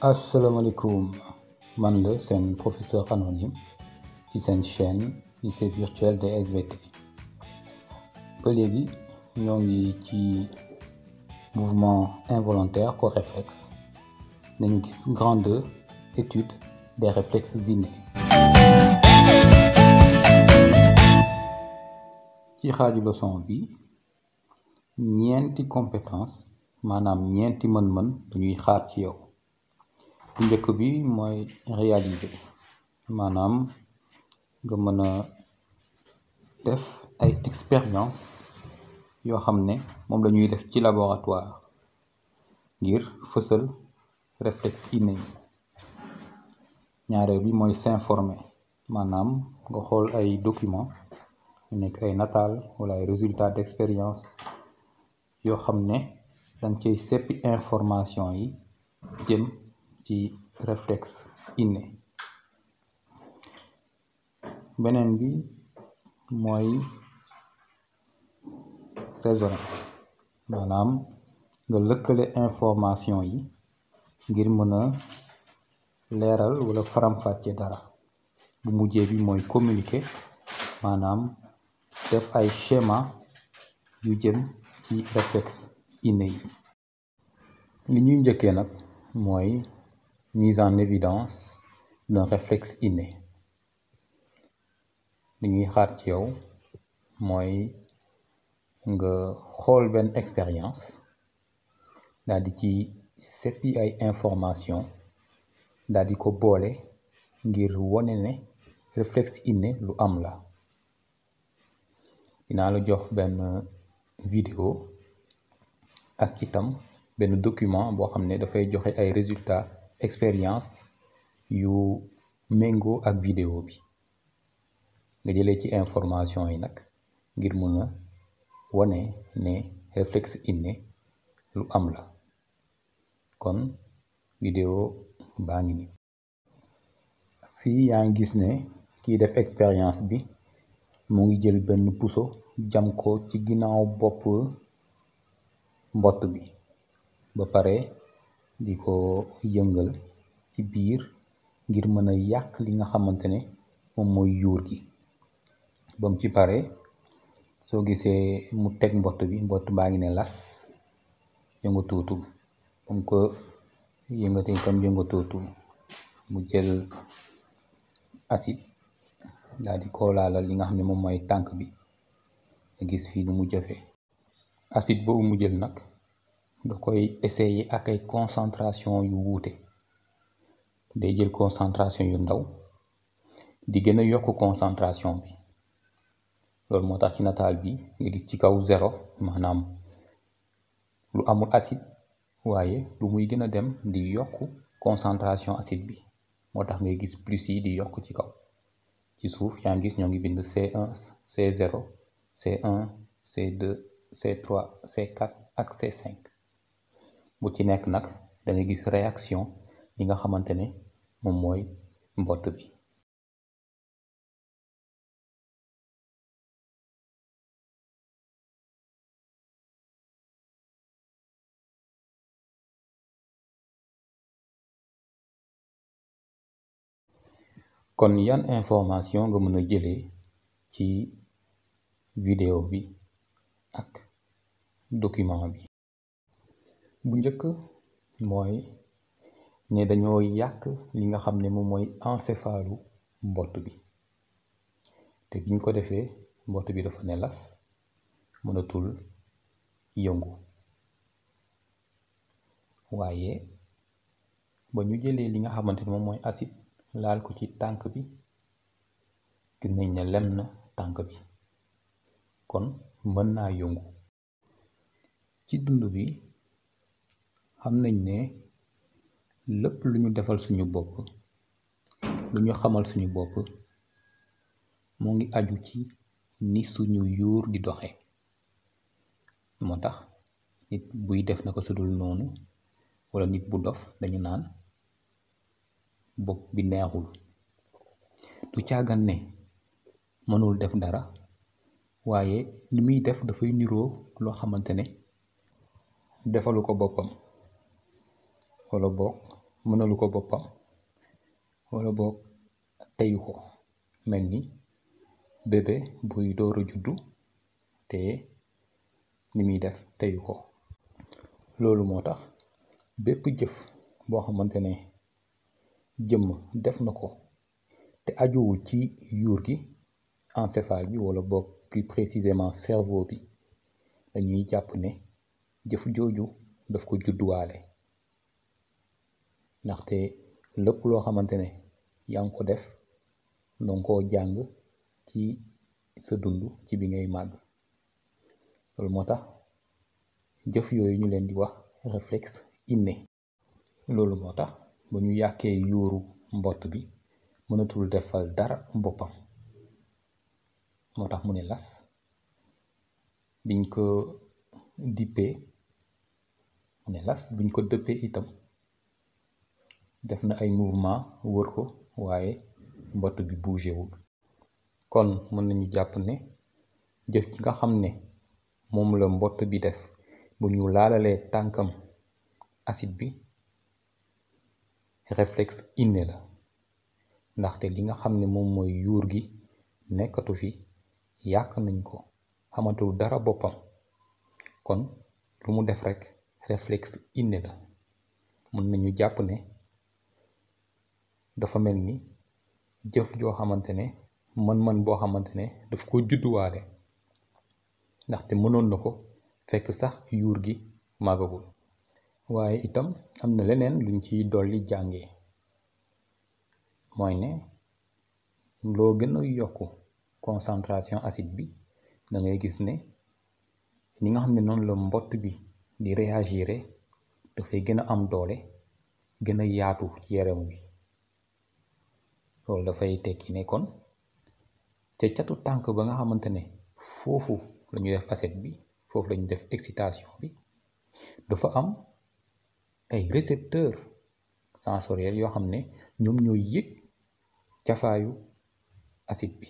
asalaamaaleykum man la seen professeur anonyme ci seen chaîne lycée virtuel des SVT ba léegi ñoo ngi ci mouvement involontaire ko réflexe nañu gis grande étude des réflexes innés ci xaaju leçon bi ñeenti compétence maanaam ñeenti mën-mën dañuy xaar ci yow bu njëkk bi mooy réaliser maanaam nga mën a def ay expérience yoo xam ne moom lañuy def ci laboratoire ngir fësal réflexe inné yi ñaareel bi mooy s'informer maanaam nga xool ay document mu nekk ay nataal wala ay résultat d'expérience yoo xam ne danga cay seppi information yi jëm ci réflexe inné beneen bi mooy raisonner maanaam nga lëkkale information yi ngir mën a leeral wala faram-fàcce dara bu mujjee bi mooy communiquer maanaam def ay schéma yu jëm ci réflexe inné yi li ñuy njëkkee nag mooy mise en évidence d'un réflexe inné li ñuy xaar ci yow mooy nga xool benn expérience daal di ci seppi ay information daal di ko boole ngir wone ne réflexe inné lu am la dinaa la jox benn vidéo ak itam benn document boo xam ne dafay joxe ay résultat expérience yu méngoo ak vidéo bi nga jëlee ci information yi nag ngir mun na wane ne réflexe inné lu am la kon vidéo baa ngi nii fii yaa ngi gis ne kiy def expérience bi mu ngi jël benn puso jam ko ci ginnaaw bopp mbott bi ba pare di ko yëngal ci biir ngir mën a yàq li nga xamante ne moom mooy yuur gi ba ci pare soo gisee mu teg mbott bi mbott baa ngi ne las yënga tuutu ba ko yëngatee itam yënga tuutu mu jël acide daal di ko li nga xam ne moom mooy tànk bi nga gis fii nu mu jëfee acide boobu mu jël nag da koy essayer ak ay concentration yu wuute day jël concentration yu ndaw di gën a yokk concentration bi loolu moo tax ci nataal bi nga gis ci kaw zéro maanaam lu amul acide waaye lu muy gën a dem di yokk concentration acide bi moo tax ngay gis plus yi di yokk ci kaw ci suuf yaa ngi gis ñoo ngi bind C1 C0 C1 C2 C3 C4 ak C5 bu ci nekk nag da nga gis réaction yi nga xamante ne moom mooy mbott bi kon yan information nga mën a jëlee ci vidéo bi ak document bi bu njëkk mooy ne dañoo yàq li nga xam ne moom mooy encéphalu mbott bi te biñ ko defee mbott bi dafa ne las mënatul yëngu waaye ba ñu jëlee li nga xamante ne moom mooy acide laal ko ci tànk bi gis nañ ne lem na tànk bi kon mën naa yëngu ci dund bi xam nañ ne lépp lu ñu defal suñu bopp lu ñu xamal suñu bopp moo ngi aju ci ni suñu yuur di doxe moo tax nit buy def na ko sudul noonu wala nit bu dof dañu naan bopp bi neexul lu càggan ne mënul def dara waaye li muy def dafay niroo loo xamante ne defalu ko boppam wala boog mënalu ko boppam wala boog teyu ko mel ni bébé buy door juddu te ni muy def teyu ko loolu moo tax bépp jëf boo xamante ne jëmm def na ko te ajowul ci yuur gi encéphale bi wala boog plus précisément cerveau bi dañuy jàpp ne jëf jooju daf ko judduwaale ndaxte lépp loo xamante ne yaa ngi ko def danga koo jàng ci sa dund ci bi ngay màgg loolu moo tax jëf yooyu ñu leen di wax réflexe inné loolu moo tax ba ñu yàkkee yuuru mbott bi mënatul defal dara boppam moo tax mu ne las biñ ko dippee mu ne las biñ ko dëppee itam def na ay mouvement wër ko waaye mbott bi bougé kon mën nañu jàpp ne jëf ci nga xam ne moom la mbott bi def bu ñu laalalee tànkam acide bi réflexe inné la ndaxte li nga xam ne moom mooy yuur gi nekkatu fi yàq nañ ko xamatul dara boppam kon lu mu def rekk réflexe inné la mën nañu jàpp ne dafa mel ni jëf joo xamante ne man mën boo xamante ne daf koo judduwaale ndaxte mënoon na ko fekk sax yuur gi màggagul waaye itam am na leneen luñ ciy dolli jàngee mooy ne loo gën a yokk concentration acide bi da ngay gis ne ni nga xam ne noonu la mbott bi di réagir dafay gën a am doole gën a yaatu ci yaram wi loolu dafay tekki ne kon ca catu tànk ba nga xamante ne foofu la ñu def facette bi foofu la def excitation bi dafa am ay récepteur sensoriel yoo xam ne ñoom ñooy yëg cafaayu acide bi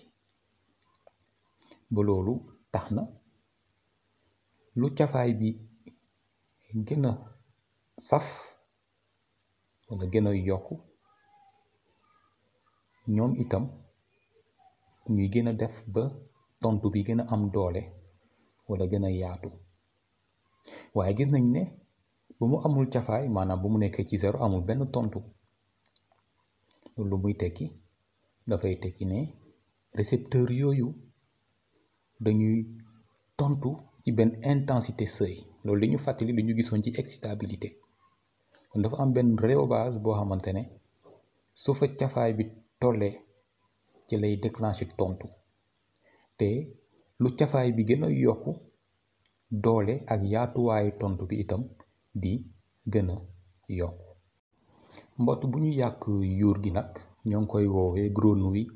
ba loolu tax na lu cafaay bi gën a saf wala gën a yokk ñoom itam ñuy gën a def ba tontu bi gën a am doole wala gën a yaatu waaye gis nañ ne bu mu amul cafaay maanaam bu mu nekkee ci zéro amul benn tontu loolu muy tekki dafay tekki ne récepteur yooyu dañuy tontu ci benn intensité sëy loolu li ñu fàttali lu ñu gisoon ci excitabilité kon dafa am benn réobase boo xamante ne su fa cafaay tollee ci lay déclenché tontu te lu cafaay bi gën a yokk doole ak yaatuwaayu tontu bi itam di gëna a yokk mbott bu ñu yàq yuur gi nag ñoo ngi koy woowee grenouille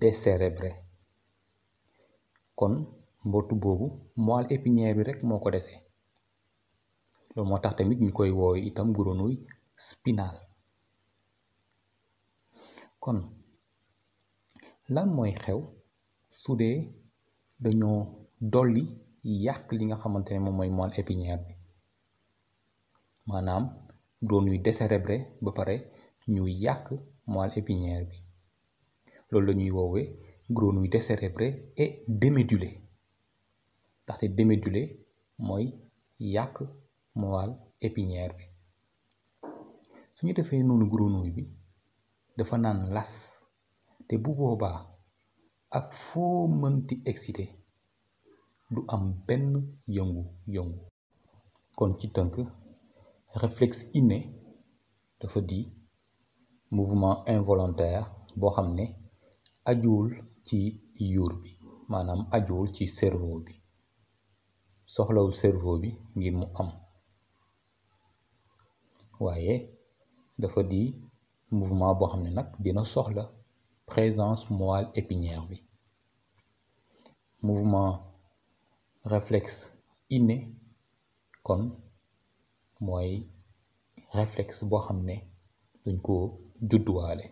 décérébrée kon mbott boobu mois épinière bi rek moo ko dese loolu moo tax tamit ñu koy woowee itam grenouille spinale kon lan mooy xew su dee dañoo dolli yàq li nga xamante ne moom mooy moelle épinière bi maanaam doon ñuy décérébré ba pare ñu yàq moelle épinière bi loolu la ñuy woowee grenouille décérébrée et démédulée ndaxte démédulée mooy yàq moelle épinière bi su ñu defee noonu grenouille bi dafa naan las. te bu boobaa ak foo mënti excité du am benn yëngu-yëngu kon ci tënk réflexe inné dafa di mouvement involontaire boo xam ne ajuwul ci yuur bi maanaam ajuwul ci cerveau bi soxlawul cerveau bi ngir mu am waaye dafa di mouvement boo xam ne nag dina soxla présence morale bi mouvement réflexe inné kon mooy réflexe boo xam ne duñ ko judduwaale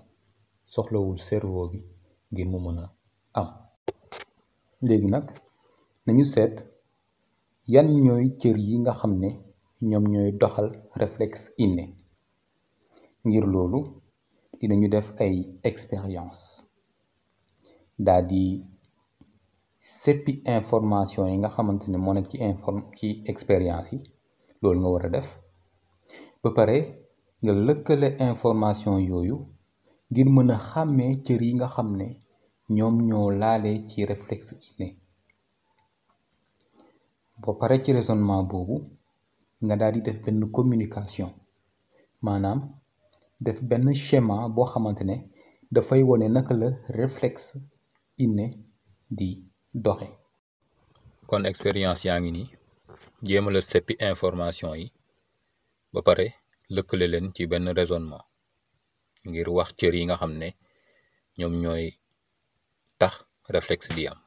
soxlawul cerveau bi ngir mu mën a am léegi nag nañu seet yan ñooy cër yi nga xam ne ñoom ñooy doxal réflexe inné ngir loolu dinañu def ay expérience daal di seppi information yi nga xamante ne moo nekk ci inform ci expérience yi loolu nga war a def ba pare nga lëkkale information yooyu ngir mën a xàmmee cër yi nga xam ne ñoom ñoo laale ci réflexe inné ba pare ci raisonnement boobu nga daal di def benn communication maanaam def benn schéma boo xamante ne dafay wone naka la réflexe inné di doxe kon expérience yaa ngi nii jéema la seppi information yi ba pare lëkkale leen ci benn raisonnement ngir wax cër yi nga xam ne ñoom ñooy tax réflexe di am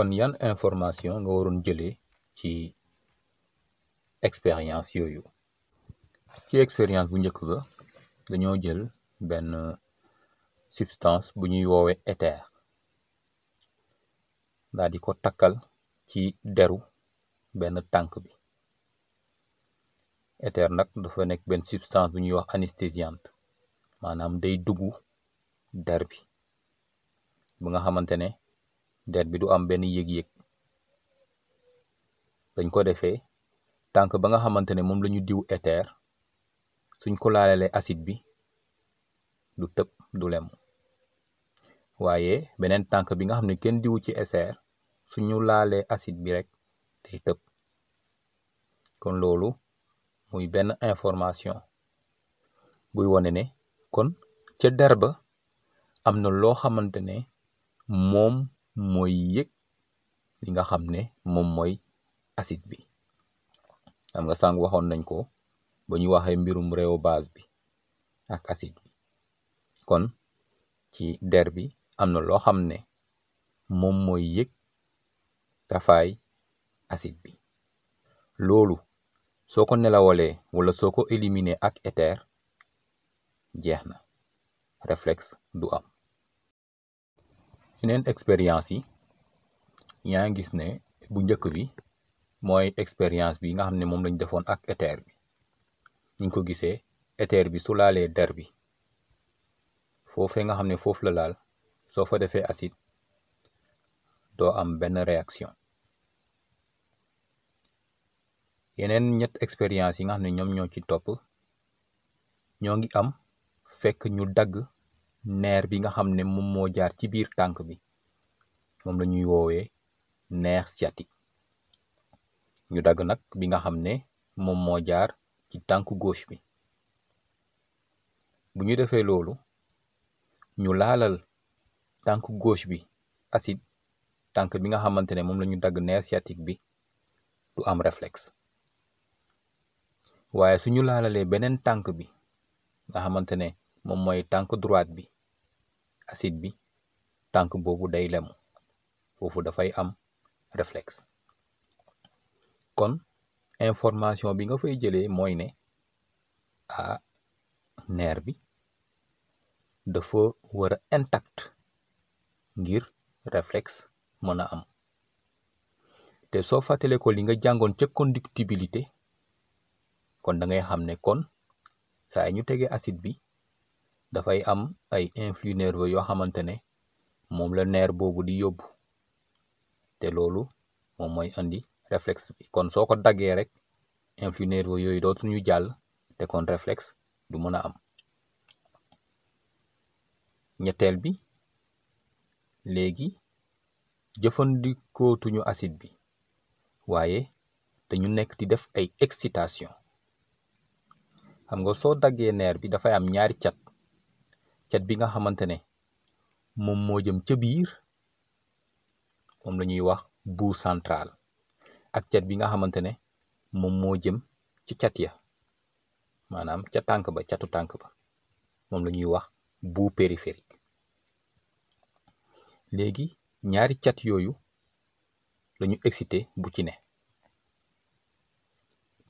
kon yan information nga waroon jëlee ci expérience yooyu ci expérience bu njëkk ba dañoo jël benn substance bu ñuy woowee éther daal di ko takkal ci deru benn tànk bi éther nag dafa nekk benn substance bu ñuy wax anesthésiante maanaam day duggu der bi bu nga xamante ne der bi du am benn yéeg yéeg dañ ko defee tànk ba nga xamante ne moom lañu diw éther suñ ko laalalee acide bi du tëb du lem waaye beneen tànk bi nga xam ne kenn diwu ci éther suñu laalee acide bi rek day tëb kon loolu muy benn information buy wane ne kon ca der ba am na loo xamante ne moom mooy yëg li nga xam ne moom mooy acide bi xam nga sànq waxoon nañ ko ba ñu waxee mbirum réew base bi ak acide bi kon ci der bi am na loo xam ne moom mooy yëg tafaay acide bi loolu soo ko nelawalee wala soo ko éliminer ak éter jeex na réflexe du am yeneen expérience yi ñaa ngi gis ne bu njëkk bi mooy expérience bi nga xam ne moom lañ defoon ak éther bi ñu ngi ko gisee éther bi su laalee der bi foofe nga xam ne foofu la laal soo fa defee acide doo am benn réaction yeneen ñett expérience yi nga xam ne ñoom ñoo ci topp ñoo ngi am fekk ñu dagg neer bi nga xam ne moom moo jaar ci biir tànk bi moom la ñuy woowee neex sciatique ñu dagg nag bi nga xam ne moom moo jaar ci tànk gauche bi bu ñu defee loolu ñu laalal tànk gauche bi acide tànk bi nga xamante ne moom la ñu dagg neer sciatique bi du am reflex waaye suñu laalalee beneen tànk bi nga xamante ne moom mooy tànk droite bi acide bi tànk boobu day lemu foofu dafay am reflex kon information bi nga fay jëlee mooy ne ah neer bi dafa war a ngir réflexe mën a am te soo fàttalee ko li nga jàngoon ca conductibilité kon da ngay xam ne kon saa ñu tegee acide bi dafay am ay influx nerveux yoo xamante ne moom la neer boobu di yóbbu te loolu moom mooy indi réflexe bi kon soo ko daggee rek influx nerveux yooyu dootuñu jàll te kon réflexe du mën a am ñetteel bi léegi jëfandikootuñu acide bi waaye dañu nekk di def ay excitation xam nga soo daggee neer bi dafay am ñaari cat cat bi nga xamante ne moom moo jëm ca biir moom la ñuy wax buu central ak cat bi nga xamante ne moom moo jëm ci cat ya maanaam ca tànk ba catu tànk ba moom la ñuy wax bout périphérique léegi ñaari cat yooyu lañu excité bu ci ne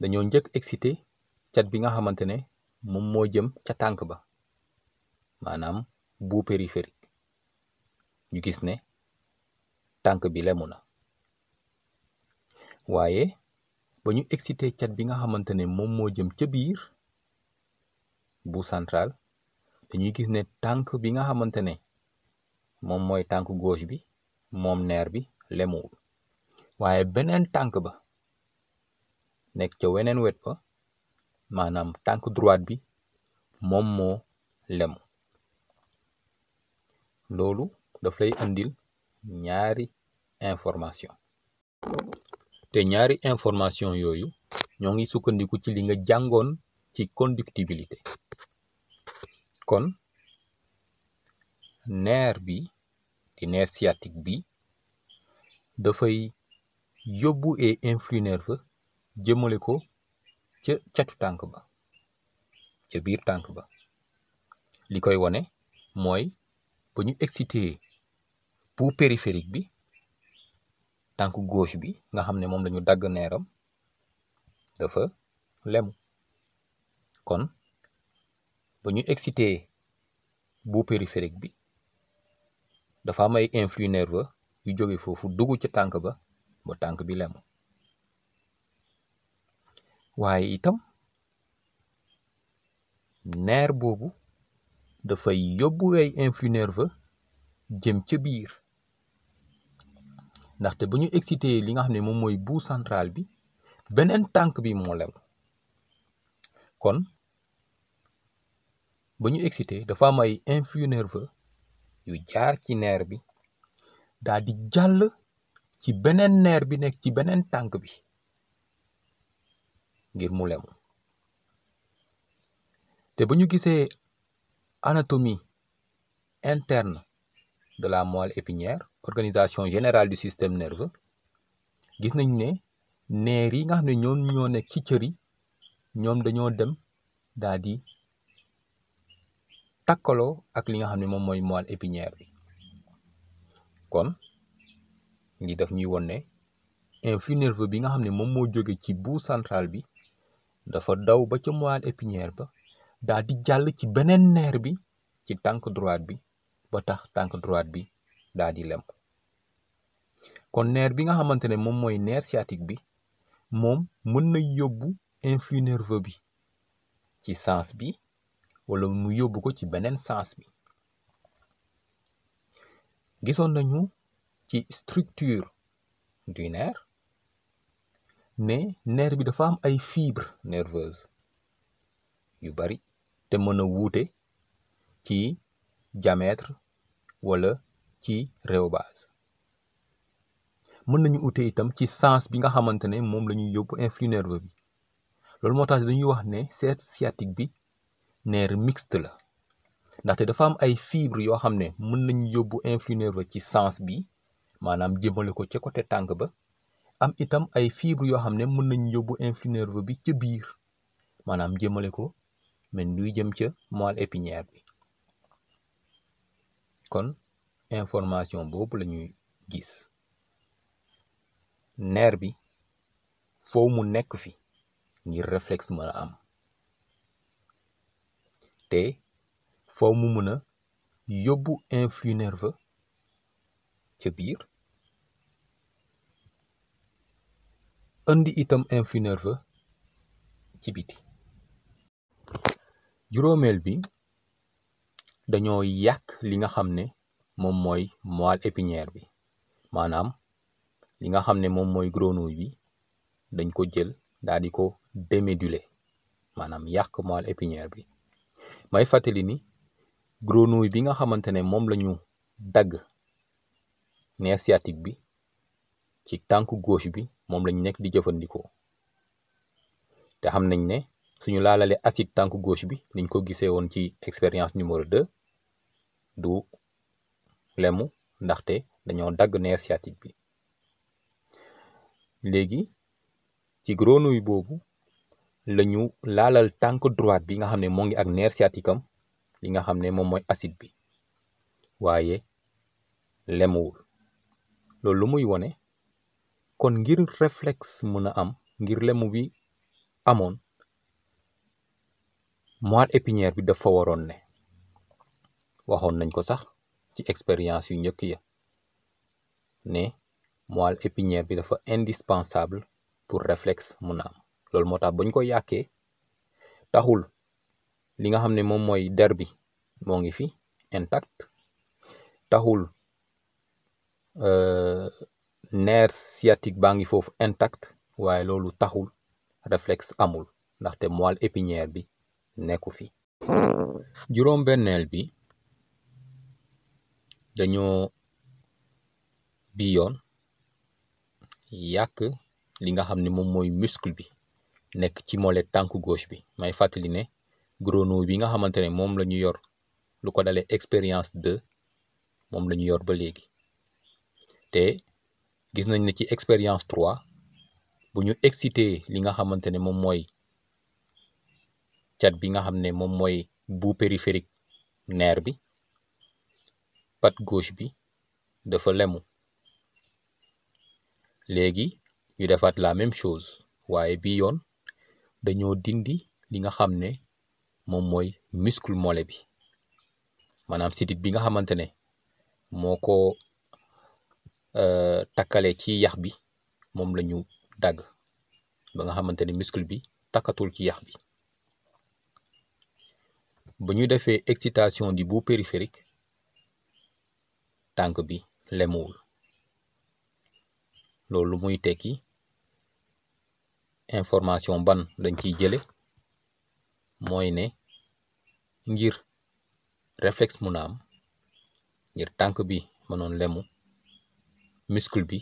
dañoo njëkk excité cat bi nga xamante ne moom moo jëm ca tànk ba maanaam bu périphérique ñu gis ne tànk bi lemu na waaye ba ñu excité cat bi nga xamante ne moom moo jëm ca biir bout central dañuy gis ne tànk bi nga xamante ne moom mooy tànk gauche bi moom neer bi lemuwul waaye beneen tànk ba nekk ca weneen wet ba maanaam tànk droite bi moom moo lemu loolu daf lay andil ñaari information te ñaari information yooyu ñoo ngi sukkandiku ci li nga jàngoon ci conductibilité kon nerf bi di nerf sciatique bi dafay yóbbu et influx nerveux jëmale ko ca catu tànk ba ca biir tànk ba li koy wane mooy bu ñu excité pouls périphérique bi tànk gauche bi nga xam ne moom lañu dagg neeram dafa lemu kon ba ñu excité bu périphérique bi dafa am ay influx nerveux yu jóge foofu dugg ca tànk ba ba tànk bi lemu waaye itam neer boobu dafay yóbbu ay influx jëm ca biir ndaxte bu ñu excité li nga xam ne moom mooy bout central bi beneen tànk bi moo lem kon bu ñu excité dafa am ay influx nerveux yu jaar ci neer bi daal di jàll ci beneen nerf bi nekk ci beneen tànk bi ngir mu lemu te bu ñu gisee anatomie interne de la moelle épinière organisation générale du système nerveux gis nañ ne neer yi nga xam ne ñoom ñoo nekk ci cër yi ñoom dañoo dem daal di takkaloo ak li nga xam ne moom mooy moile épinière bi kon li daf ñuy won ne influx nerveux bi nga xam ne moom moo jóge ci bout centrale bi dafa daw ba ca moelle épinière ba daal di jàll ci beneen neer bi ci tànk droite bi ba tax tànk droite bi daal di lem kon neer bi nga xamante ne moom mooy neer sciatique bi moom mën na yóbbu influx nerveux bi ci sens bi wala mu yóbbu ko ci beneen sens bi gisoon nañu ci structure du nerf ne nerf bi dafa am ay fibre nerveuse yu bari te mën a wuute ci diamètre wala ci réew base mën nañu ute itam ci sens bi nga xamante ne moom la ñuy yóbbu influx nerveux bi loolu moo tax dañuy wax ne cercle sciatique bi nerf mixte la ndaxte dafa am ay fibre yoo xam ne mën nañu yóbbu influx nerveux ci sens bi maanaam jëmale ko ca côté tànk ba am itam ay fibre yoo xam ne mën nañu yóbbu influx nerveux bi ca biir maanaam jëmmale ko mel luy jëm ca moelle épinière bi kon information boobu lañuy gis neer bi foo mu nekk fi ngir réflexe mën a am te foo mu mën a yóbbu influx nerveux ca biir indi itam influx nerveux ci biti juróomeel bi dañoo yàq li nga xam ne moom mooy moelle épinière bi maanaam li nga xam ne moom mooy grenouille bi dañ ko jël daal di ko déméduler maanaam yàq moelle épinière bi may fàttali ni grenouille bi nga xamante ne moom la ñu dagg nerf bi ci tànk gauche bi moom lañu nekk di jëfandikoo te xam nañ ne suñu laalalee acide tànk gauche bi niñ ko gisee woon ci expérience numéro deux du lemu ndaxte dañoo dagg nerf sciatique bi léegi ci grenouille boobu lañu laalal tànk droite bi nga xam ne moo ngi ak nerf sciatique am li nga xam ne moom mooy acide bi waaye lemuwul loolu lu muy wone kon ngir réflexe mën a am ngir lemu bi amoon moelle épinière bi dafa waroon ne waxoon nañ ko sax ci expérience yu njëkk ya ne l épinière bi dafa indispensable pour réflexe mu a am loolu moo tax bañ koy yàkkee taxul li nga xam ne moom mooy der bi moo ngi fi intact taxul euh, nerf sciatique baa ngi foofu intact waaye loolu taxul réflexe amul ndaxte l épinière bi nekku fi juróom benneel bi dañoo bi yoon yàq li nga xam ni moom mooy muscle bi nekk ci mole tànk gauche bi may fàttali ne Grono bi nga xamante ne moom la ñu yor lu ko dalee expérience de moom lañu yor ba léegi te gis nañ ne ci expérience 3 bu ñu excité li nga xamante ne moom mooy cat bi nga xam ne moom mooy bout périphérique nerf bi patte gauche bi dafa lemu léegi ñu defaat la même chose waaye bi yoon dañoo dindi li nga xam ne moom mooy muscle mollet bi maanaam sidit bi nga xamante ne moo ko euh, takkale ci yax bi moom la ñu dagg ba nga xamante ne muscle bi takkatul ci yax bi ba ñu defee excitation di bout périphérique tànk bi lemuwul loolu muy tekki information ban dañ ciy jële mooy ne ngir réflexe mun a am ngir tànk bi mënoon lemu muscle bi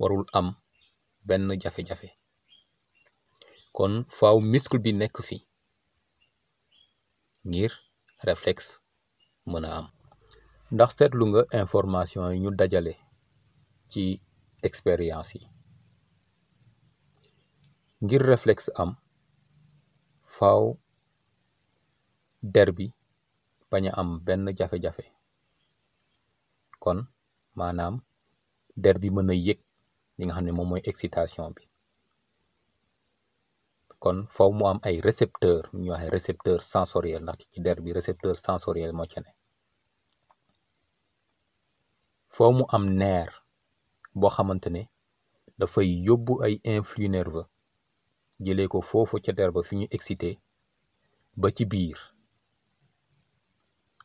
warul am benn jafe-jafe kon faaw muscle bi nekk fi ngir réflexe mën a am ndax seetlu nga information yi ñu dajale ci expérience yi ngir réflexe am faaw der bi bañ a am benn jafe-jafe kon maanaam der bi mën a yëg li nga xam ne moom mooy excitation bi kon faw mu am ay récepteur ñu wax récepteur sensoriel ndax ci der bi récepteur sensoriel moo ci ne faw mu am nerf boo xamante ne dafay yóbbu ay influx nerveux jëlee ko foofu ca der fi ñu excité ba ci biir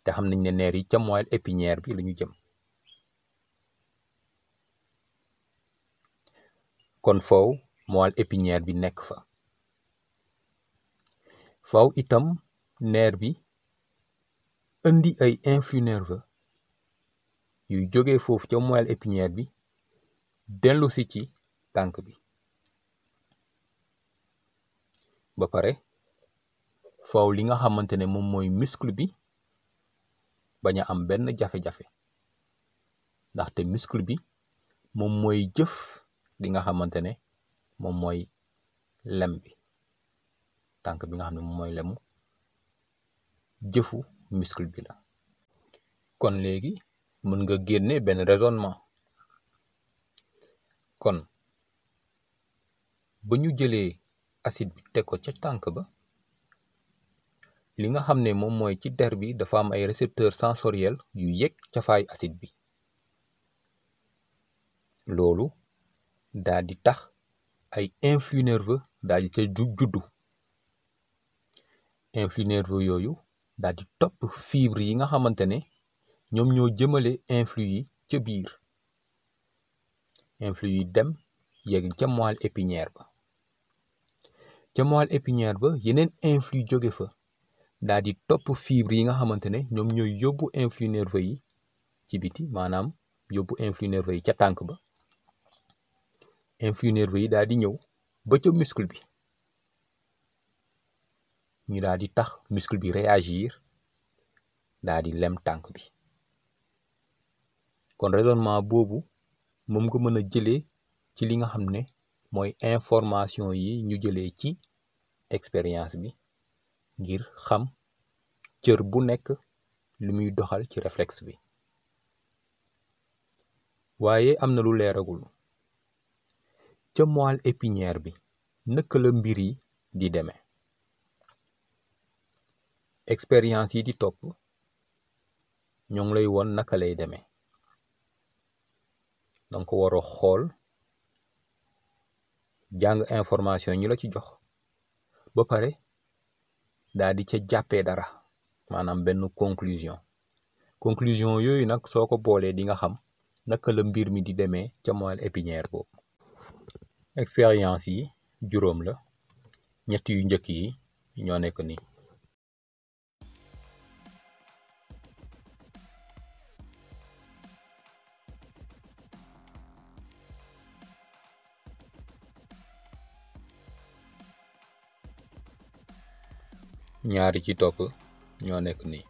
te xam nañ ne neer yi ca moelle épinière bi la ñu jëm kon foofu moelle épinière bi nekk fa faaw itam neer bi indi ay influx nerveux yuy jógee foofu ca moelle épinière bi dellusi ci tànk bi ba pare faaw li nga xamante ne moom mooy muscle bi baña a am benn jafe-jafe ndaxte muscle bi moom mooy jëf li nga xamante ne moom mooy lem bi tànk bi nga xam ne moom mooy lemu jëfu muscle bi la kon léegi mën nga génne benn raisonnement kon ba ñu jëlee acide bi teg ko ca tànk ba li nga xam ne moom mooy ci der bi dafa am ay récepteur sensoriel yu yëg cafaay acide bi loolu daal di tax ay influx nerveux daal di ca juddu influx nerveux yooyu daal topp fibre yi nga xamante ne ñoom ñoo jëmale influx yi ca biir influx yi dem yegg ca moelle épinière ba ca moelle épinière ba yeneen influx joge fa daal di topp fibre yi nga xamante ne ñoom ñooy yóbbu influx nerveux yi ci biti maanaam yóbbu influx nerveux yi ca tànk ba influx nerveux yi daal di ñëw ba ca muscle bi ñu daal di tax muscle bi réagir daal di lem tànk bi kon raisonnement boobu moom nga mën a jëlee ci li nga xam ne mooy information yi ñu jëlee ci expérience bi ngir xam cër bu nekk lu muy doxal ci réflexe bi waaye am na lu leeragul ca moelle épinière bi naka la mbir yi di deme expérience yi di topp ñoo lay woon naka lay demee danga ko xool jàng information ñu la ci jox ba pare daal di ca jàppee dara maanaam benn conclusion conclusion yooyu nag soo ko boolee di nga xam naka la mbir mi di demee ca moelle épinière boobu expérience yi juróom la ñett yu njëkk yi ñoo nekk nii ñaari ci ñoo nekk nii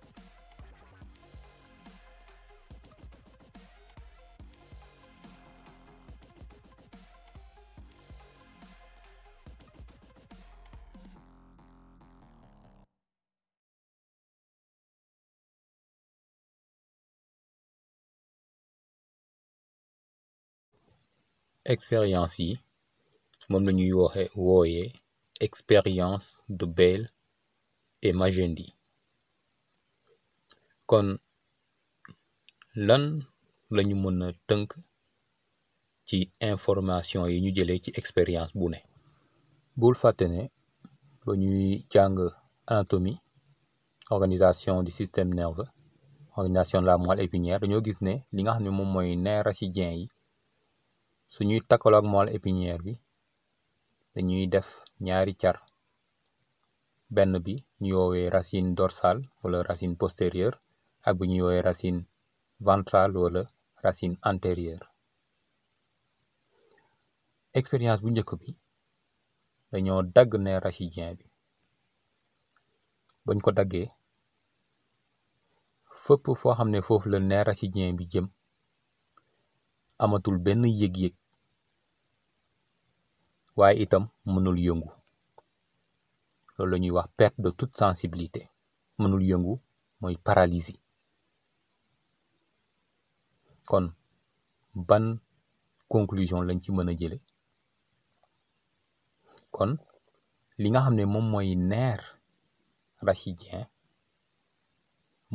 expérience yi moom la ñuy waxe wooyee expérience de Bell imaginé yi kon lan lañu mën a tënk ci information yi ñu jëlee ci expérience bu ne bul fàtte ne ba ñuy jàng anatomie organisation du système nerveux organisation de la moelle épinière dañoo gis ne li nga xam ne moom mooy nerf rachidien yi suñuy takkaloo ak moelle épinière bi dañuy def ñaari car benn bi ñu woowee rasine dorsale wala racine postérieure ak bu ñu woowee racine ventrale wala racine antérieure expérience bu njëkk bi dañoo dagg nerf rachidien bi bañ ko daggee fëpp foo xam ne foofu la nerf rachidien bi jëm amatul benn yëg-yëg waaye itam mënul yëngu loolu la ñuy wax perte de toute sensibilité mënul yëngu mooy paralysie kon ban conclusion lañ ci mën a jële kon li nga xam ne moom mooy nerf rachidien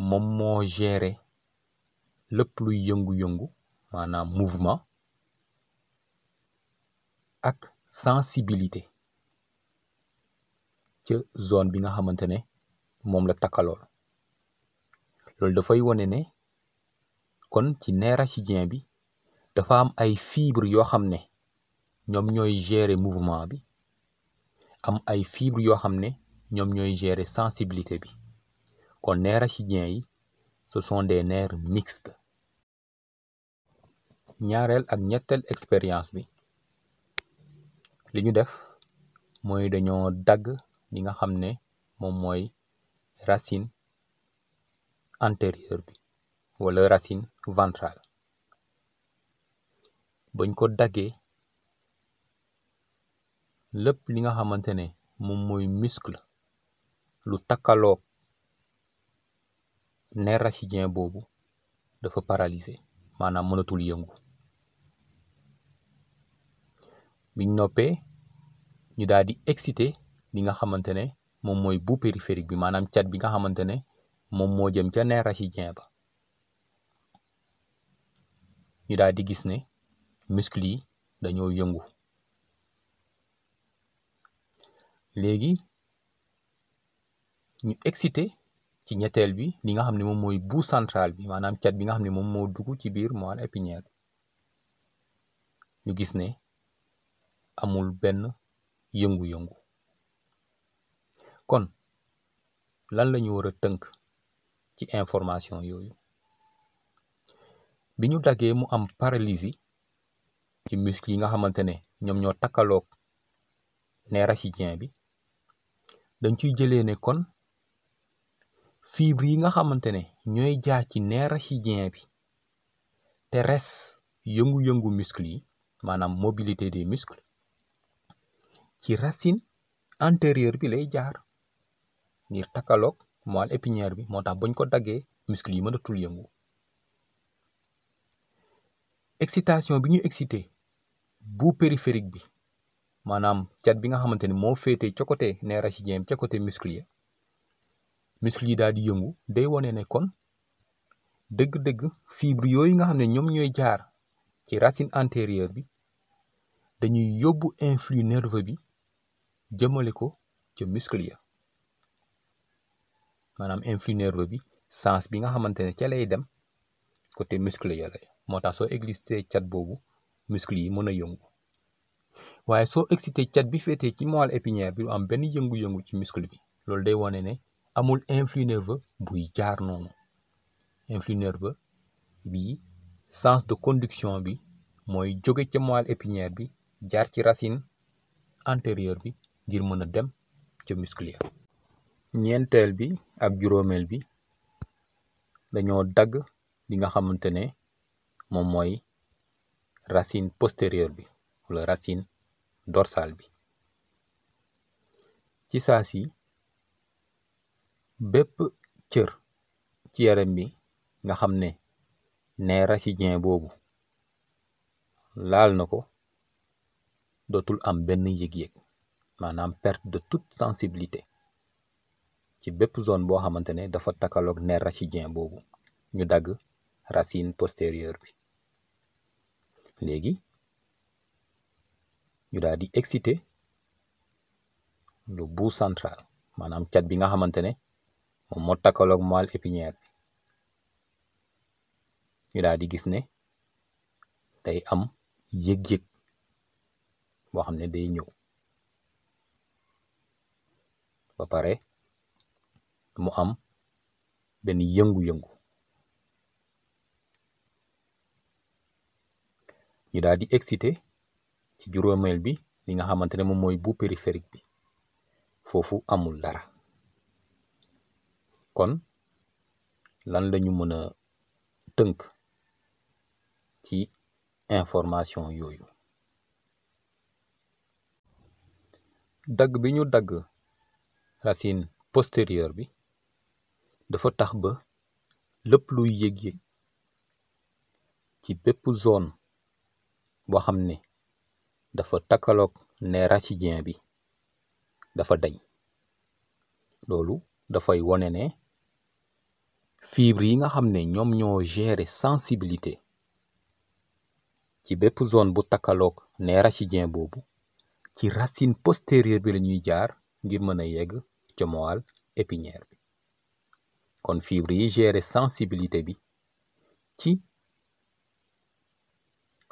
moom moo gérer lépp luy yëngu-yëngu maanaam mouvement ak sensibilité ca zone bi nga xamante ne moom la takkalool loolu dafay wane ne kon ci nerf rachidien bi dafa am ay fibre yoo xam ne ñoom ñooy gérer mouvement bi am ay fibre yoo xam ne ñoom ñooy gérer sensibilité bi kon neer rachidien yi ce sont des nerfs mixtes ñaareel ak ñetteel expérience bi li ñu def mooy dañoo dagg li nga xam ne moom mooy racine antérieure bi wala racine ventrale bañ ko daggee lépp li nga xamante ne moom mooy muscle lu takkaloog nerf boobu dafa paralysé maanaam mënatul yëngu biñ noppee ñu daal di excité li nga xamante ne moom mooy bout périphérique bi maanaam cat bi nga xamante ne moom moo jëm ca nerf rachidien ba ñu daal di gis ne muscle yi dañoo yëngu léegi ñu excité ci ñetteel bi li nga xam ne moom mooy bout central bi maanaam cat bi nga xam ne moom moo dugg ci biir moelle épinière ñu gis ne amul benn yëngu-yëngu kon lan la ñu war a tënk ci information yooyu bi ñu daggee mu am paralysie ci muscle yi nga xamante ne ñoom ñoo takkaloog nerf rachidien bi dañ ci jëlee ne kon fibre yi nga xamante ne ñooy jaar ci nerf rachidien bi te res yëngu-yëngu muscle yi maanaam mobilité des muscles ci racine antérieure bi lay jaar ngir takkaloog moelle épinière bi moo tax buñ ko daggee muscle yi mënatul yëngu excitation bi ñu excité bu périphérique bi maanaam cat bi nga xamante ni moo féetee ca côté nerf rachidien bi ca côté muscle ya yi daal di yëngu day wone ne kon dëgg-dëgg fibre yooyu nga xam ne ñoom ñooy jaar ci rasine antérieure bi dañuy yóbbu influx nerveux bi jëmale ko ca muscle ya maanaam influnéro bi sens bi nga xamante ne ca lay dem côté muscle ya lay moo tax soo excité cat boobu muscle yi mën a yëngu waaye soo excité cat bi féetee ci moelle épinière bi du am benn yëngu-yëngu ci muscle bi loolu day wane ne amul influx nerveux buy jaar noonu influx nerveux bi sens de conduction bi mooy jóge ca moelle épinière bi jaar ci racine antérieure bi ngir mën a dem ca muscle ya ñeenteel bi ak juróomeel bi dañoo dagg li nga xamante ne moom mooy racine postérieure bi wala racine dorsale bi ci saa si bépp cër ci yaram bi nga xam ne nee rachidien boobu laal na ko dootul am benn yëg-yëg maanaam perte de toute sensibilité ci bépp zone boo xamante ne dafa takaloog nerf rachidien boobu ñu dagg racine postérieure bi léegi ñu daal di exciter le bout central maanaam cat bi nga xamante ne moom moo takaloog moelle épinière bi ñu daal di gis ne day am yëg-yëg boo xam ne day ñëw ba pare mu am benn yëngu-yëngu ñu daal di excité ci juróomeel bi li nga xamante ne moom mooy bu périphérique bi foofu amul dara kon lan lañu mën a tënk ci information yooyu dagg bi ñu dagg racine postérieure bi dafa tax ba lépp luy yëg-yëg ci bépp zone boo xam ne dafa takkalook nerf rachidien bi dafa dañ loolu dafay wone ne fibre yi nga xam ne ñoom ñoo gérer sensibilité ci bépp zone bu takkaloog nerf rachidien boobu ci rasine postérieure bi lañuy jaar ngir mën a yegg ca moelle épinière bi kon fibre yi gérer sensibilité bi ci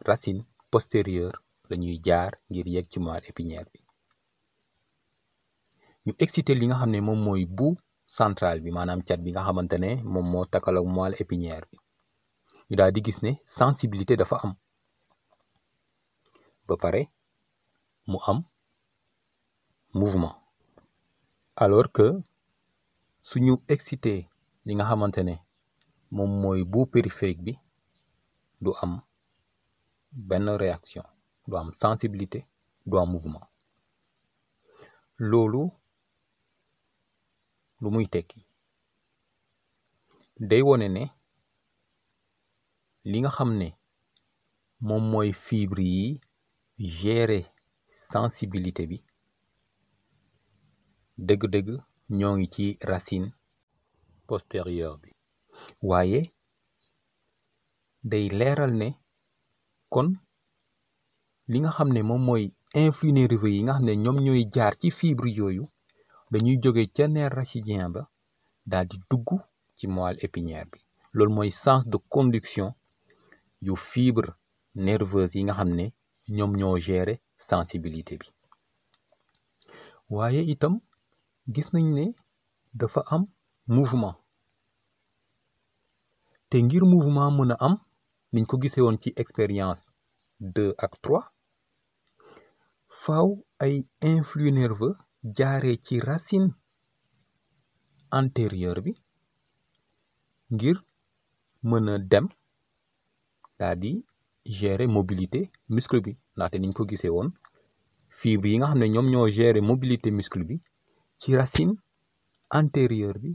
racine postérieure lañuy jaar ngir yéeg ci moelle épinière bi ñu exciter li nga xam ne moom mooy bu central bi maanaam cat bi nga xamante ne moom moo takkal ak épinière bi ñu daal di gis ne sensibilité dafa am ba pare mu am mouvement alors que su suñu excité li nga xamante ne moom mooy bout périphérique bi du am benn réaction du am sensibilité du am mouvement loolu lu muy tekki day wone ne li nga xam ne moom mooy fibre yi gérer sensibilité bi dëgg-dëgg ñoo ngi ci racine postérieur bi waaye day leeral ne kon li nga xam ne moom mooy influx nerveux yi nga xam ne ñoom ñooy jaar ci fibre yooyu dañuy jóge ca nerf ba dal di dugg ci moelle épinière bi loolu mooy sens de conduction yu fibre nerveuse yi nga xam ne ñoom ñoo gérer sensibilité bi waaye itam gis nañ ne dafa am mouvement te ngir mouvement mën a am niñ ko gisee woon ci expérience deux ak trois faaw ay influx nerveux jaaree ci racine antérieure bi ngir mën a dem daa di gérer mobilité muscle bi ndaxte niñ ko gisee woon fibre yi nga xam ne ñoom ñoo gérer mobilité muscle bi ci racine antérieure bi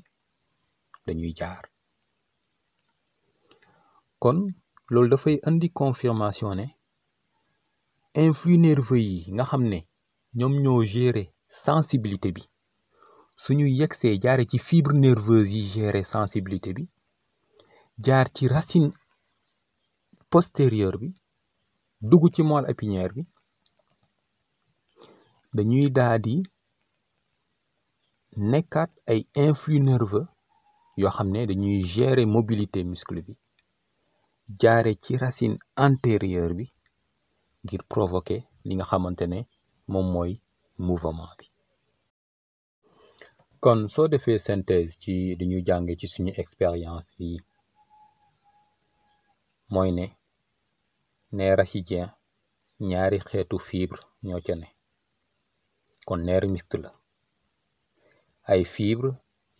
dañuy jaar kon loolu dafay indi confirmation ne influx nerveux yi nga xam ne ñoom ñoo gérer sensibilité bi su suñu yegsee jaare ci fibre nerveuse yi gérer sensibilité bi jaar ci racine postérieure bi dugg ci moelle épinière bi dañuy daal nekkaat ay influx nerveux yoo xam ne dañuy gérer mobilité muscle bi jaare ci racine antérieure bi ngir provoquer li nga xamante ne moom mooy mouvement bi kon soo defee synthèse ci li ñu ci suñu expérience yi mooy ne nerf rachidien ñaari xeetu fibre ñoo ci ne kon nerf mixte la ay fibre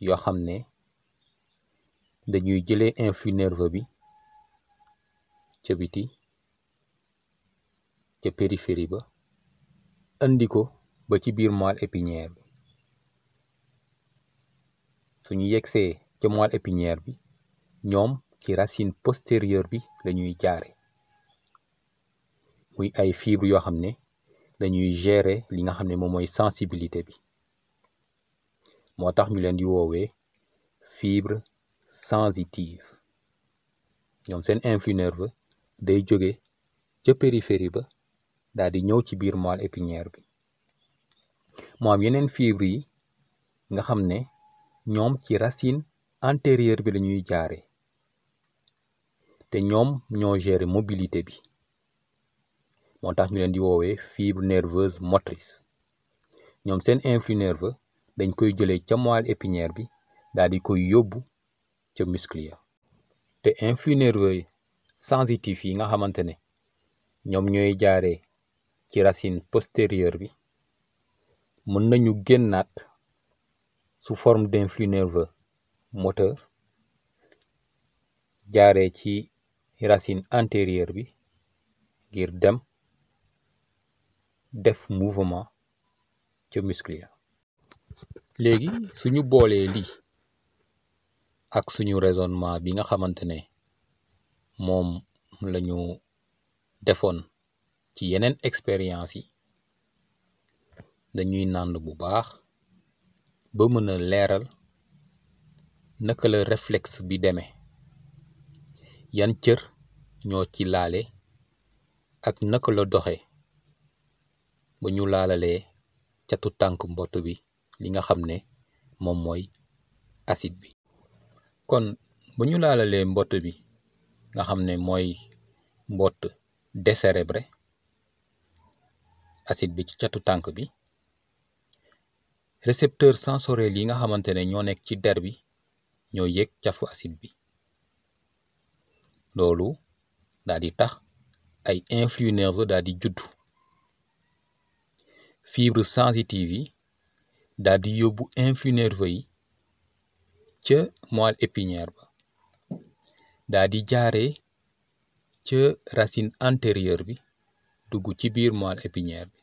yoo xam ne dañuy jëlee influx bi ca biti ca périphérie ba andi ko ba ci biir moelle épinière bi suñu yegsee ca moelle épinière bi ñoom ci racine postérieure bi lañuy jaare muy ay fibres yoo xam ne dañuy gérer li nga xam ne moom mooy sensibilité bi moo tax ñu leen di woowee fibre sensitive ñoom seen influx nerveux day jóge ca périphérie ba daal ñëw ci biir moelle épinière bi moo am yeneen fibre yi nga xam ne ñoom ci racine antérieure bi la ñuy jaare te ñoom ñoo gérer mobilité bi moo tax ñu leen di woowee fibre nerveuse motrice ñoom seen influx nerveux dañ koy jëlee ca moelle épinière bi daal di koy yóbbu ca muscle ya te influx nerveux sensitif yi nga xamante ne ñoom ñooy jaare ci racine postérieure bi mën nañu génnaat su forme d'influx nerveux moteur jaaree ci racine antérieure bi ngir dem def mouvement ca muscle ya léegi suñu boolee lii ak suñu raisonnement bi nga xamante ne moom la ñu defoon ci yeneen expérience yi dañuy nànd bu baax ba mën a leeral naka la réflexe bi demee yan cër ñoo ci laale ak naka la doxe ba ñu laalalee catu tànk mbott bi li nga xam ne moom mooy acide bi kon bu ñu laalalee mbott bi nga xam ne mooy mbott décérébré acide bi ci catu tànk bi récepteur sensoriel yi nga xamante ne ñoo nekk ci der bi ñoo yëg cafu acide bi loolu daldi tax ay influx nerveux daal di judd fibre sensitive yi daal di yóbbu influx nerveux yi ca moelle épinière ba daa di jaare ca racine antérieur bi dugg ci biir moelle épinière bi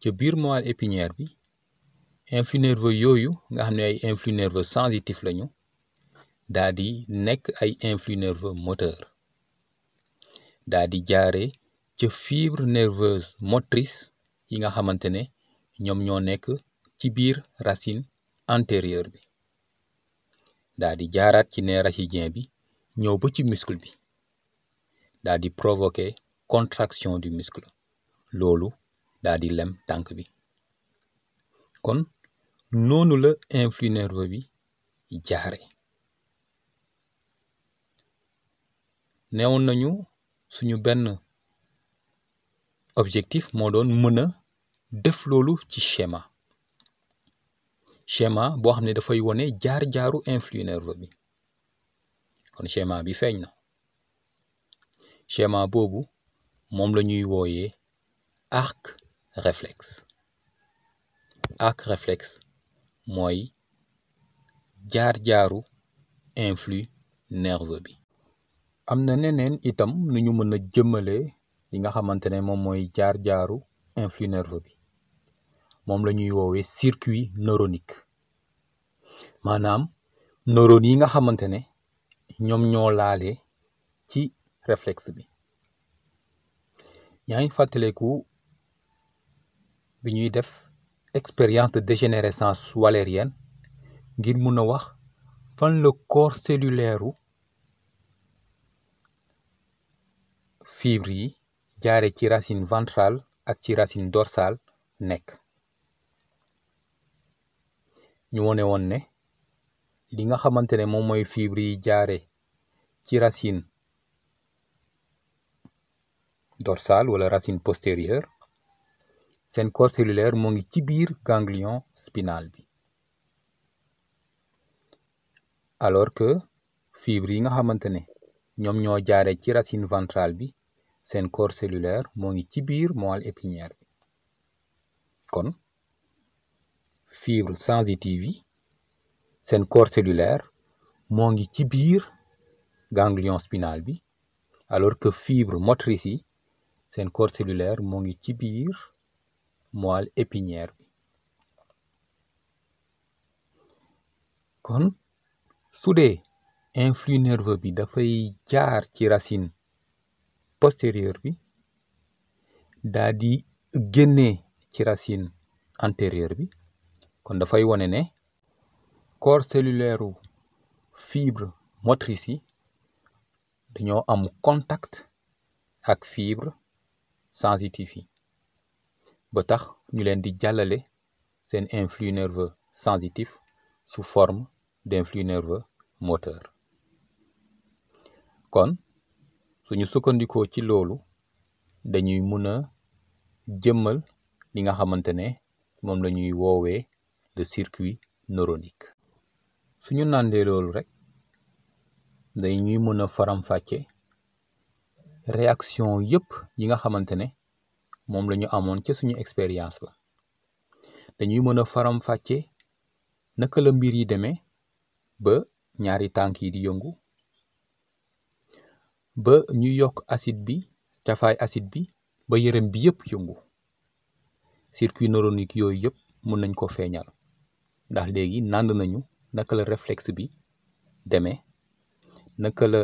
ca biir moelle épinière bi influx nerveux yooyu nga xam ne ay influx nerveux sensitif lañu daal di nekk ay influx nerveux moteur daa di jaare ca fibre nerveuse motrice yi nga xamante ne ñoom ñoo nekk ci biir racine antérieure bi daal di jaaraat ci nerf bi ñëw ba ci muscle bi daal di provoquer contraction du muscle loolu daal di lem tànk bi kon noonu la influx nerveux bi jaare neewoon nañu suñu benn objectif moo doon mën a def loolu ci schéma schéma boo xam ne dafay wone jaar-jaaru influenceur bi kon schéma bi feeñ na schéma boobu moom la ñuy wooyee arc réflexe arc réflexe mooy jaar-jaaru influx nerveux bi am na neneen itam nu ñu mën a jëmale li nga xamante ne moom mooy jaar-jaaru influx nerveux bi moom la ñuy woowee circuit neuronique maanaam neurones yi nga xamante ne ñoom ñoo laale ci réflexe bi yaa ngi fàttaleeku bi ñuy def expérience de dégénérescence walérienne ngir mun a wax fan la corps cellulaire u fibre yi jaare ci racine ventrale ak ci racine dorsale nekk ñu wone woon ne li nga xamante ne moom mooy fibre yi jaare ci racine dorsale wala racine postérieure seen corps cellulaire moo ngi ci biir ganglion spinale bi alors que fibre yi nga xamante ne ñoom ñoo jaare ci racine ventrale bi seen corps cellulaire moo ngi ci biir moelle épinière bi kon fibre sensitive yi seen corps cellulaire moo ngi ci biir ganglion spinal bi alors que fibre motrice yi seen corps cellulaire moo ngi ci biir moelle épinière bi kon sudee dee nerveux bi dafay jaar ci rasine postérieure bi daadi génnee ci rasine antérieure bi kon dafay wane ne corps cellulaire u fibre motrice yi dañoo am contact ak fibre sensitive yi ba tax ñu leen di jàllale seen influx nerveux sensitif su forme d'influx nerveux moteur kon suñu sukkandikoo ci loolu dañuy mën a jëmmal li nga xamante ne moom la ñuy woowee de circuit neuronique suñu nàndee loolu rek day ñuy mën a faram-fàcce réaction yépp yi nga xamante ne moom la ñu amoon ca suñu expérience la dañuy mën a faram-fàcce naka la mbir yi demee ba ñaari tànk yi di yëngu ba ñu yokk acide bi cafaay acide bi ba yërëm bi yépp yëngu circuit neuronique yooyu yépp mën nañ ko feeñal ndax léegi nànd nañu naka la reflex bi demee naka la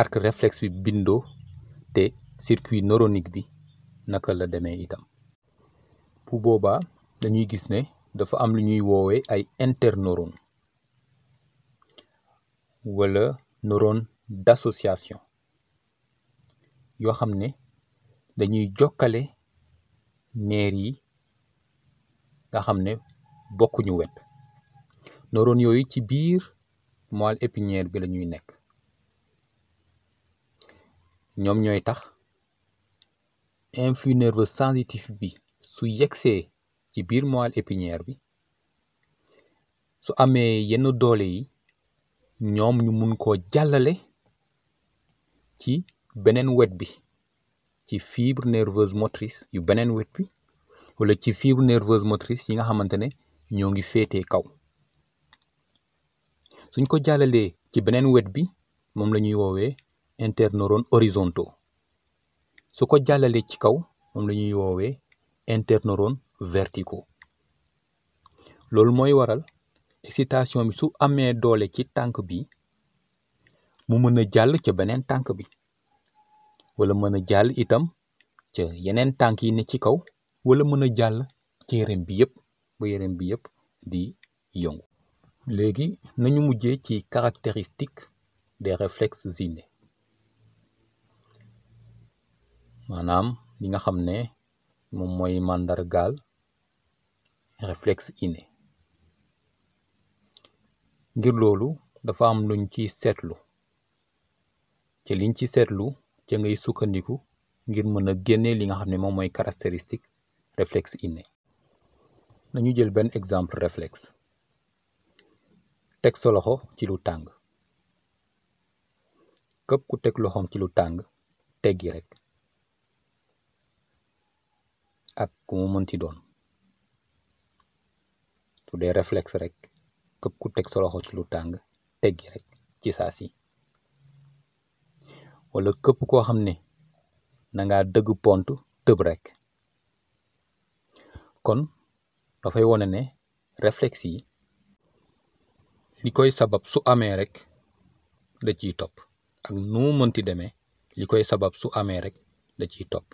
arc reflex bi bindoo te circuit neuronique bi naka la demee itam bu boobaa dañuy gis ne dafa am lu ñuy woowee ay interneurones wala neurones d'association yoo xam ne dañuy jokkale neer yi nga xam ne bokkuñu wet neurones yooyu ci biir moelle épinière bi la ñuy nekk ñoom ñooy tax influx nerveux sensitif bi su yegsee ci biir moelle épinière bi su amee yenn doole yi ñoom ñu mun koo jàllale ci beneen wet bi ci fibre nerveuse motrice yu beneen wet bi wala ci fibre nerveuse motrice yi nga xamante ne ñoo ngi féetee kaw suñ ko jàllalee ci beneen wet bi moom la ñuy woowee interneurones horizontaux su ko jàllalee ci kaw moom la ñuy woowee interneurones verticaux loolu mooy waral excitation bi su amee doole ci tànk bi mu mën a jàll ca beneen tànk bi wala mën a jàll itam ca yeneen tànk yi ne ci kaw wala mën a jàll ci yaram bi yëpp ba yaram bi yëpp di yëngu léegi nañu mujjee ci caractéristique des réflexes innés maanaam li nga xam ne moom mooy màndargaal réflexe inné ngir loolu dafa am luñ ci seetlu ci liñ ci seetlu ca ngay sukkandiku ngir mën a génne li nga xam ne moom mooy caractéristique réflexe inné nañu jël benn exemple réflexe teg soloxo ci lu tàng këpp ku teg loxoom ci lu tàng teggi rek ak ku mu mënti doon su dee reflex rek képp ku teg soloxo ci lu tàng teggi rek ci saa si wala këpp koo xam ne nanga dëgg pont tëb rek kon dafay wone ne réflexe yi li koy sabab su amee rek da ciy topp ak nu mu mënti demee li koy sabab su amee rek da ciy topp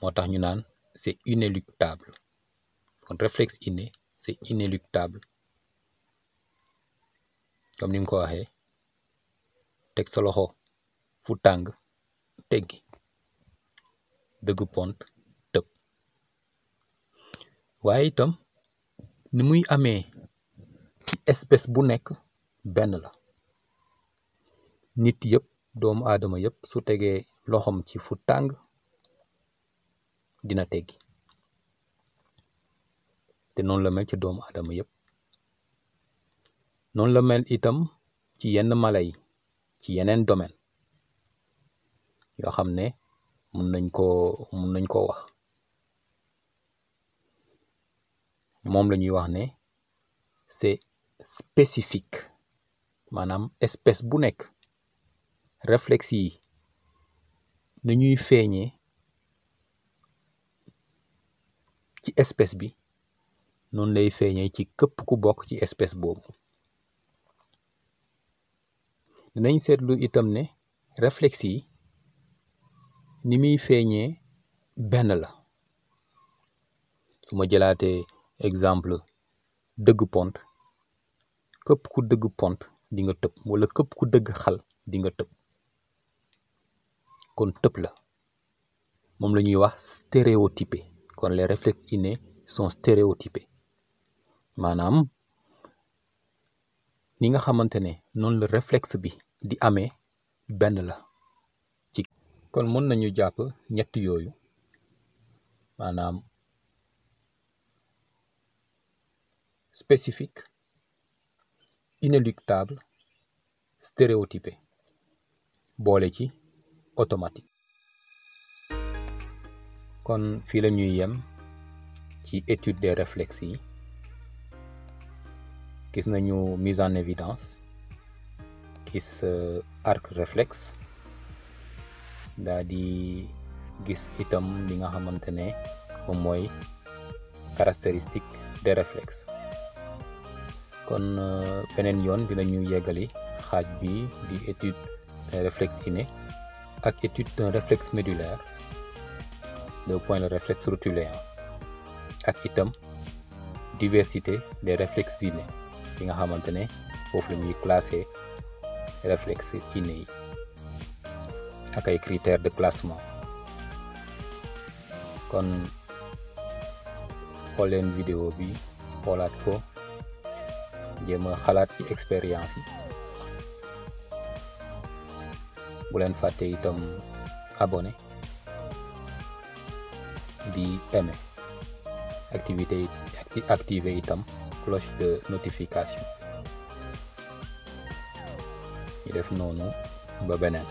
moo tax ñu naan c'est inéluctable kon réflexe inné c'est inéluctable comme ni nga ko waxee teg sa loxo fu tàng teggi dëgg pont tëb waaye itam ni muy amee espèce bu nekk benn la nit yépp doomu aadama yëpp su tegee loxoom ci fu tàng dina teggi te noonu la mel ci doomu adama yépp noonu la mel itam ci yenn mala yi ci yeneen domaine yoo xam ne mun nañ koo mun nañ koo wax moom la ñuy wax ne c'est spécifique maanaam espèce bu nekk reflex yi nu ñuy feeñee ci espèce bi noonu lay feeñee ci këpp ku bokk ci espèce boobu dinañ seetlu itam ne réflexe yi ni muy feeñee benn la su ma jëlaatee exemple dëgg pont këpp ku dëgg pont di nga tëb wala këpp ku dëgg xal di nga tëb kon tëb la moom la ñuy wax stéréotypé kon les réflexes innés son stéréotypés maanaam ni nga xamante ne noonu la réflexe bi di ame benn la ci kon mën nañu jàpp ñett yooyu maanaam spécifique inéluctable stéréotypé boole ci automatique kon fii la ñuy yem ci étude de réflexes yi gis nañu mise en évidence gis euh, arc réflexe daa di gis itam li nga xamante ne moom mooy caractéristique des réflexes kon euh, beneen yoon dinañu yeggali xaaj bi di étude d'un réflexe inné ak étude d'un réflexe médulaire le point le réflexe rotuléen ak itam diversité des réflexes innés yi nga xamante ne foofu la ñuy classé réflexe inné yi ak ay critères de classement kon xool leen vidéo bi xoolaat ko jéem xalaat ci expérience yi bu leen itam abonné di aimé activité itam cloche de notification ñu def noonu ba beneen